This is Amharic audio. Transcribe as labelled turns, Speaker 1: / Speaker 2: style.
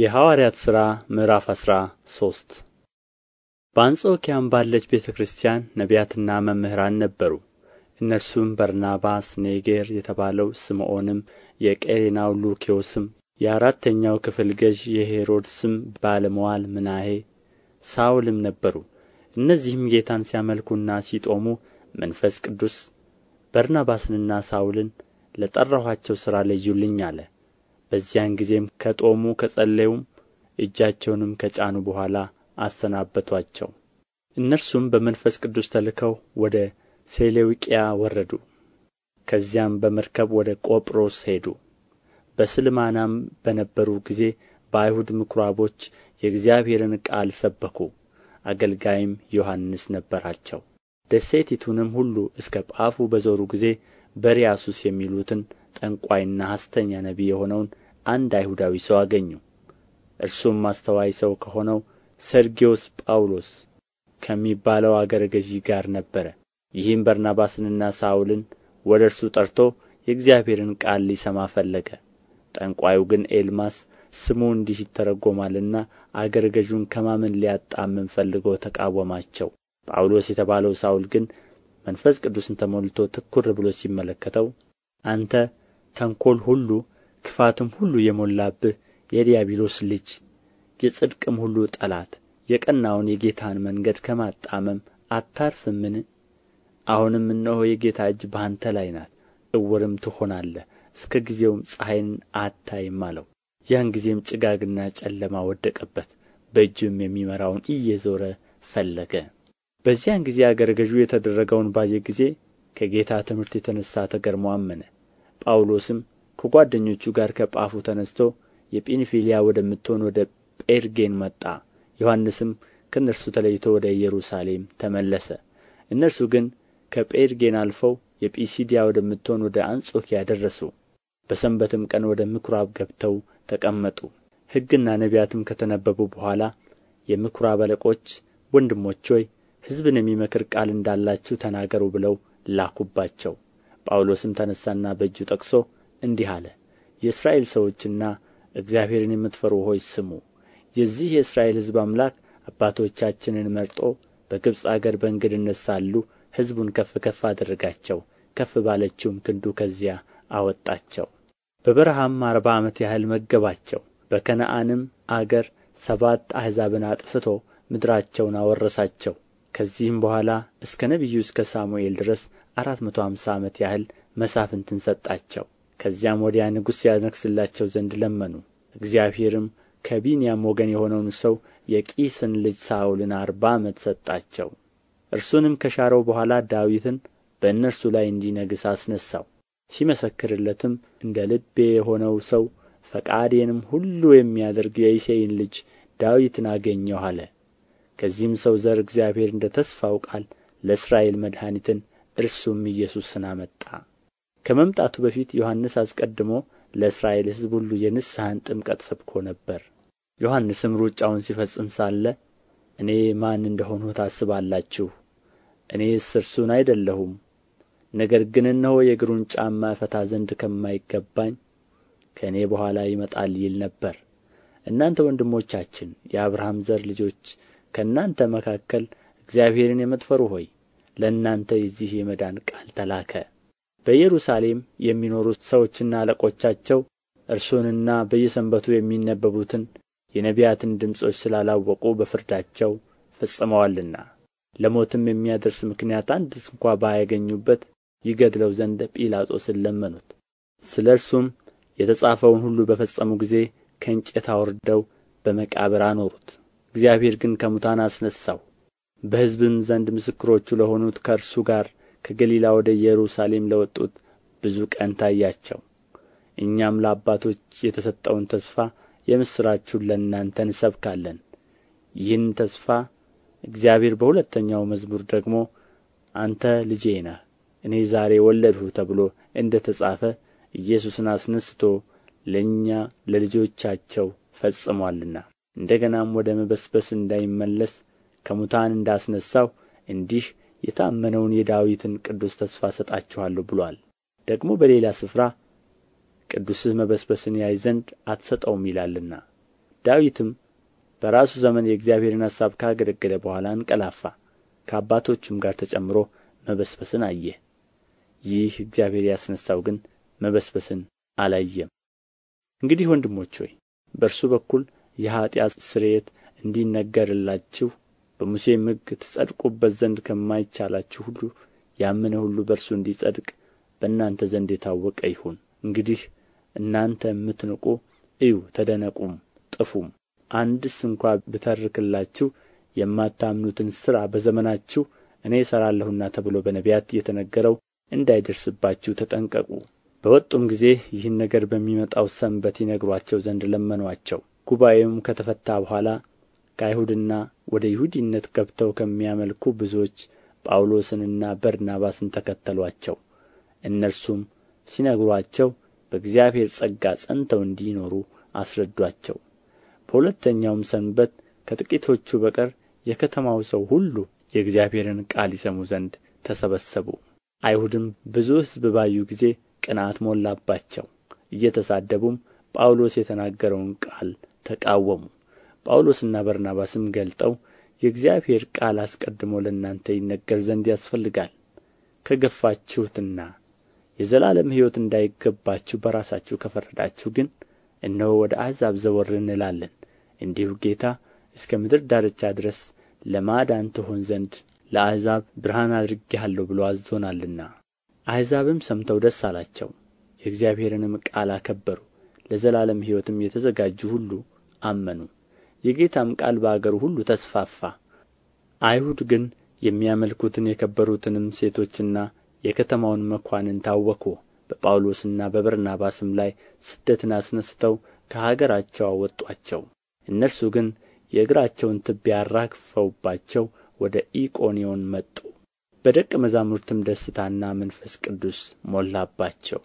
Speaker 1: የሐዋርያት ሥራ ምዕራፍ አስራ ሶስት በአንጾኪያም ባለች ቤተ ክርስቲያን ነቢያትና መምህራን ነበሩ። እነርሱም በርናባስ፣ ኔጌር የተባለው ስምዖንም፣ የቀሬናው ሉኪዮስም፣ የአራተኛው ክፍል ገዥ የሄሮድስም ባለመዋል ምናሄ፣ ሳውልም ነበሩ። እነዚህም ጌታን ሲያመልኩና ሲጦሙ መንፈስ ቅዱስ በርናባስንና ሳውልን ለጠራኋቸው ሥራ ለዩልኝ አለ። በዚያን ጊዜም ከጦሙ ከጸለዩም እጃቸውንም ከጫኑ በኋላ አሰናበቱአቸው እነርሱም በመንፈስ ቅዱስ ተልከው ወደ ሴሌውቅያ ወረዱ ከዚያም በመርከብ ወደ ቆጵሮስ ሄዱ በስልማናም በነበሩ ጊዜ በአይሁድ ምኵራቦች የእግዚአብሔርን ቃል ሰበኩ አገልጋይም ዮሐንስ ነበራቸው ደሴቲቱንም ሁሉ እስከ ጳፉ በዞሩ ጊዜ በርያሱስ የሚሉትን ጠንቋይና ሐስተኛ ነቢይ የሆነውን አንድ አይሁዳዊ ሰው አገኙ እርሱም አስተዋይ ሰው ከሆነው ሰርጊዮስ ጳውሎስ ከሚባለው አገረ ገዢ ጋር ነበረ። ይህም በርናባስንና ሳውልን ወደ እርሱ ጠርቶ የእግዚአብሔርን ቃል ሊሰማ ፈለገ። ጠንቋዩ ግን ኤልማስ ስሙ እንዲህ ይተረጎማልና አገረ ገዡን ከማመን ሊያጣምም ፈልጎ ተቃወማቸው። ጳውሎስ የተባለው ሳውል ግን መንፈስ ቅዱስን ተሞልቶ ትኩር ብሎ ሲመለከተው አንተ ተንኰል ሁሉ ክፋትም ሁሉ የሞላብህ የዲያብሎስ ልጅ የጽድቅም ሁሉ ጠላት የቀናውን የጌታን መንገድ ከማጣመም አታርፍምን? አሁንም እነሆ የጌታ እጅ በአንተ ላይ ናት፣ እውርም ትሆናለህ፣ እስከ ጊዜውም ፀሐይን አታይም አለው። ያን ጊዜም ጭጋግና ጨለማ ወደቀበት፣ በእጅም የሚመራውን እየዞረ ፈለገ። በዚያን ጊዜ አገረ ገዡ የተደረገውን ባየ ጊዜ ከጌታ ትምህርት የተነሣ ተገርሞ አመነ። ጳውሎስም ከጓደኞቹ ጋር ከጳፉ ተነስቶ የጵንፍልያ ወደምትሆን ወደ ጴርጌን መጣ ዮሐንስም ከእነርሱ ተለይቶ ወደ ኢየሩሳሌም ተመለሰ እነርሱ ግን ከጴርጌን አልፈው የጲሲዲያ ወደምትሆን ወደ አንጾኪያ ደረሱ በሰንበትም ቀን ወደ ምኵራብ ገብተው ተቀመጡ ሕግና ነቢያትም ከተነበቡ በኋላ የምኵራብ አለቆች ወንድሞች ሆይ ሕዝብን የሚመክር ቃል እንዳላችሁ ተናገሩ ብለው ላኩባቸው ጳውሎስም ተነሣና በእጁ ጠቅሶ እንዲህ አለ የእስራኤል ሰዎችና እግዚአብሔርን የምትፈሩ ሆይ ስሙ የዚህ የእስራኤል ሕዝብ አምላክ አባቶቻችንን መርጦ በግብፅ አገር በእንግድነት ሳሉ ሕዝቡን ከፍ ከፍ አደረጋቸው ከፍ ባለችውም ክንዱ ከዚያ አወጣቸው በበረሃም አርባ ዓመት ያህል መገባቸው በከነአንም አገር ሰባት አሕዛብን አጥፍቶ ምድራቸውን አወረሳቸው ከዚህም በኋላ እስከ ነቢዩ እስከ ሳሙኤል ድረስ አራት መቶ አምሳ ዓመት ያህል መሳፍንትን ሰጣቸው ከዚያም ወዲያ ንጉሥ ያነግሥላቸው ዘንድ ለመኑ እግዚአብሔርም ከቢንያም ወገን የሆነውን ሰው የቂስን ልጅ ሳውልን አርባ ዓመት ሰጣቸው እርሱንም ከሻረው በኋላ ዳዊትን በእነርሱ ላይ እንዲነግሥ አስነሣው ሲመሰክርለትም እንደ ልቤ የሆነው ሰው ፈቃዴንም ሁሉ የሚያደርግ የእሴይን ልጅ ዳዊትን አገኘሁ አለ ከዚህም ሰው ዘር እግዚአብሔር እንደ ተስፋው ቃል ለእስራኤል መድኃኒትን እርሱም ኢየሱስን አመጣ ከመምጣቱ በፊት ዮሐንስ አስቀድሞ ለእስራኤል ሕዝብ ሁሉ የንስሐን ጥምቀት ሰብኮ ነበር ዮሐንስም ሩጫውን ሲፈጽም ሳለ እኔ ማን እንደሆንሁ ታስባላችሁ እኔስ እርሱን አይደለሁም ነገር ግን እነሆ የእግሩን ጫማ እፈታ ዘንድ ከማይገባኝ ከእኔ በኋላ ይመጣል ይል ነበር እናንተ ወንድሞቻችን የአብርሃም ዘር ልጆች ከእናንተ መካከል እግዚአብሔርን የምትፈሩ ሆይ ለእናንተ የዚህ የመዳን ቃል ተላከ በኢየሩሳሌም የሚኖሩ ሰዎችና አለቆቻቸው እርሱንና በየሰንበቱ የሚነበቡትን የነቢያትን ድምፆች ስላላወቁ በፍርዳቸው ፈጽመዋልና ለሞትም የሚያደርስ ምክንያት አንድ ስንኳ ባያገኙበት ይገድለው ዘንድ ጲላጦስን ለመኑት። ስለ እርሱም የተጻፈውን ሁሉ በፈጸሙ ጊዜ ከእንጨት አውርደው በመቃብር አኖሩት። እግዚአብሔር ግን ከሙታን አስነሣው በሕዝብም ዘንድ ምስክሮቹ ለሆኑት ከእርሱ ጋር ከገሊላ ወደ ኢየሩሳሌም ለወጡት ብዙ ቀን ታያቸው እኛም ለአባቶች የተሰጠውን ተስፋ የምሥራችሁን ለእናንተ እንሰብካለን ይህን ተስፋ እግዚአብሔር በሁለተኛው መዝሙር ደግሞ አንተ ልጄ ነህ እኔ ዛሬ ወለድሁ ተብሎ እንደ ተጻፈ ኢየሱስን አስነስቶ ለእኛ ለልጆቻቸው ፈጽሟልና እንደ ገናም ወደ መበስበስ እንዳይመለስ ከሙታን እንዳስነሣው እንዲህ የታመነውን የዳዊትን ቅዱስ ተስፋ ሰጣችኋለሁ ብሏል። ደግሞ በሌላ ስፍራ ቅዱስህ መበስበስን ያይ ዘንድ አትሰጠውም ይላልና ዳዊትም በራሱ ዘመን የእግዚአብሔርን ሐሳብ ካገለገለ በኋላ አንቀላፋ ከአባቶቹም ጋር ተጨምሮ መበስበስን አየ ይህ እግዚአብሔር ያስነሣው ግን መበስበስን አላየም እንግዲህ ወንድሞች ሆይ በእርሱ በኩል የኀጢአት ስርየት እንዲነገርላችሁ በሙሴም ሕግ ትጸድቁበት ዘንድ ከማይቻላችሁ ሁሉ ያመነ ሁሉ በእርሱ እንዲጸድቅ በእናንተ ዘንድ የታወቀ ይሁን እንግዲህ እናንተ የምትንቁ እዩ ተደነቁም ጥፉም አንድስ እንኳ ብተርክላችሁ የማታምኑትን ሥራ በዘመናችሁ እኔ እሠራለሁና ተብሎ በነቢያት የተነገረው እንዳይደርስባችሁ ተጠንቀቁ በወጡም ጊዜ ይህን ነገር በሚመጣው ሰንበት ይነግሯቸው ዘንድ ለመኗቸው። ጉባኤውም ከተፈታ በኋላ ከአይሁድና ወደ ይሁዲነት ገብተው ከሚያመልኩ ብዙዎች ጳውሎስንና በርናባስን ተከተሉአቸው እነርሱም ሲነግሯቸው በእግዚአብሔር ጸጋ ጸንተው እንዲኖሩ አስረዷቸው። በሁለተኛውም ሰንበት ከጥቂቶቹ በቀር የከተማው ሰው ሁሉ የእግዚአብሔርን ቃል ይሰሙ ዘንድ ተሰበሰቡ አይሁድም ብዙ ሕዝብ ባዩ ጊዜ ቅንዓት ሞላባቸው እየተሳደቡም ጳውሎስ የተናገረውን ቃል ተቃወሙ ጳውሎስና በርናባስም ገልጠው የእግዚአብሔር ቃል አስቀድሞ ለእናንተ ይነገር ዘንድ ያስፈልጋል ከገፋችሁትና የዘላለም ሕይወት እንዳይገባችሁ በራሳችሁ ከፈረዳችሁ ግን እነሆ ወደ አሕዛብ ዘወር እንላለን እንዲሁ ጌታ እስከ ምድር ዳርቻ ድረስ ለማዳን ትሆን ዘንድ ለአሕዛብ ብርሃን አድርጌሃለሁ ብሎ አዞናልና አሕዛብም ሰምተው ደስ አላቸው የእግዚአብሔርንም ቃል አከበሩ ለዘላለም ሕይወትም የተዘጋጁ ሁሉ አመኑ የጌታም ቃል በአገሩ ሁሉ ተስፋፋ አይሁድ ግን የሚያመልኩትን የከበሩትንም ሴቶችና የከተማውን መኳንን ታወኩ። በጳውሎስና በበርናባስም ላይ ስደትን አስነስተው ከሀገራቸው አወጧቸው እነርሱ ግን የእግራቸውን ትቢያ አራግፈውባቸው ወደ ኢቆንዮን መጡ በደቀ መዛሙርትም ደስታና መንፈስ ቅዱስ ሞላባቸው